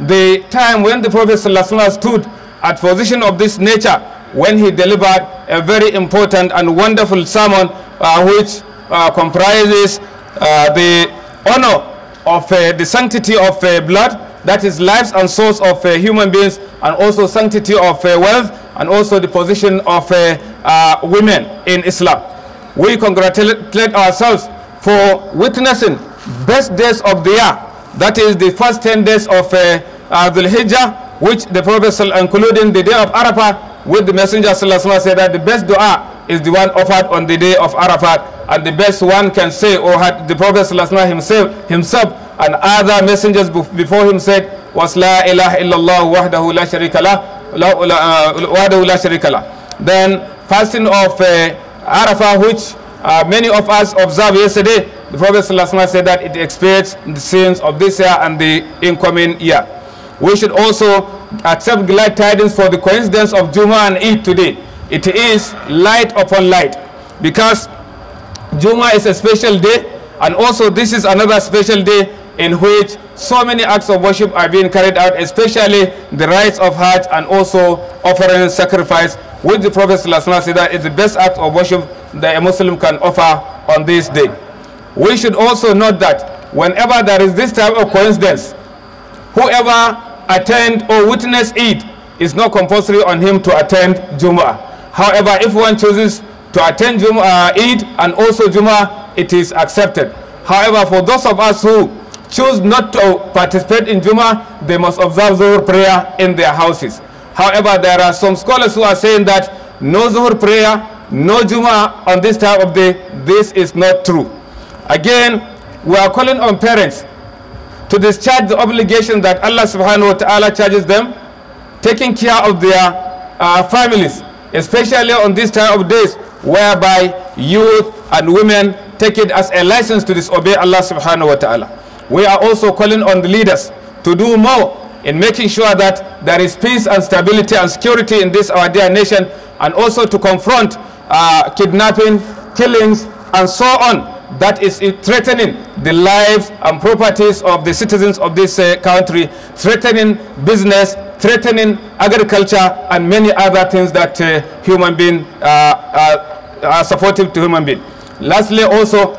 The time when the Prophet stood at position of this nature, when he delivered a very important and wonderful sermon uh, which uh, comprises uh, the honor of uh, the sanctity of uh, blood, that is lives and souls of uh, human beings, and also sanctity of wealth, and also the position of women in Islam. We congratulate ourselves for witnessing best days of the year that is the first 10 days of uh, Abdul uh, Hijjah, which the Prophet, including the day of Arafat, with the Messenger Allah said that the best dua is the one offered on the day of Arafat, and the best one can say, or had the Prophet himself, himself and other messengers before him said, was La ilaha illallah wahdahu la sharika la, la, uh, wahdahu la sharika la. Then fasting of uh, Arafah, which uh, many of us observed yesterday, the Prophet said that it expiates the sins of this year and the incoming year. We should also accept glad tidings for the coincidence of Juma and Eid today. It is light upon light because Juma is a special day and also this is another special day in which so many acts of worship are being carried out, especially the rites of Hajj and also offering sacrifice, which the Prophet said that is the best act of worship that a Muslim can offer on this day. We should also note that whenever there is this type of coincidence, whoever attend or witness it is not compulsory on him to attend Juma. However, if one chooses to attend Jumu'ah, Eid and also Juma, it is accepted. However, for those of us who choose not to participate in Juma, they must observe Zuhur prayer in their houses. However, there are some scholars who are saying that no Zuhur prayer, no Juma on this type of day, this is not true. Again, we are calling on parents to discharge the obligation that Allah subhanahu wa ta'ala charges them, taking care of their uh, families, especially on this time of days whereby youth and women take it as a license to disobey Allah subhanahu wa ta'ala. We are also calling on the leaders to do more in making sure that there is peace and stability and security in this our dear nation and also to confront uh, kidnapping, killings and so on that is threatening the lives and properties of the citizens of this uh, country, threatening business, threatening agriculture, and many other things that uh, human being uh, uh, are supportive to human being. Lastly, also,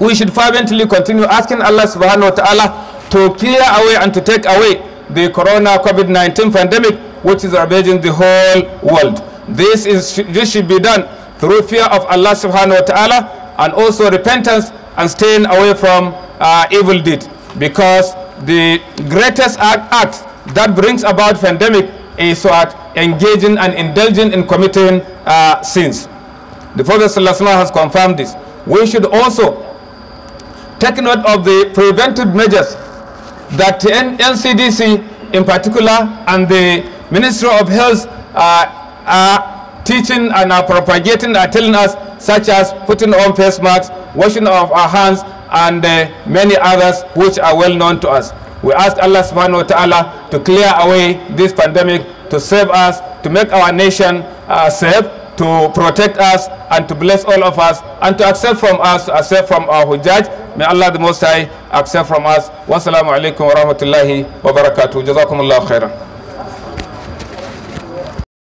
we should fervently continue asking Allah subhanahu wa ta'ala to clear away and to take away the corona COVID-19 pandemic, which is ravaging the whole world. This, is, this should be done through fear of Allah subhanahu wa ta'ala and also repentance and staying away from uh, evil deed because the greatest act, act, that brings about pandemic is what engaging and indulging in committing uh, sins. The Prophet has confirmed this. We should also take note of the preventive measures that the NCDC in particular and the Ministry of Health uh, are teaching and are propagating, are telling us such as putting on face masks, washing of our hands, and uh, many others which are well known to us. We ask Allah subhanahu wa ta'ala to clear away this pandemic, to save us, to make our nation uh, safe, to protect us, and to bless all of us, and to accept from us, to accept from our hujjaj. May Allah the Most High accept from us. Wassalamu alaikum wa rahmatullahi wa barakatuh. Jazakumullah khairan.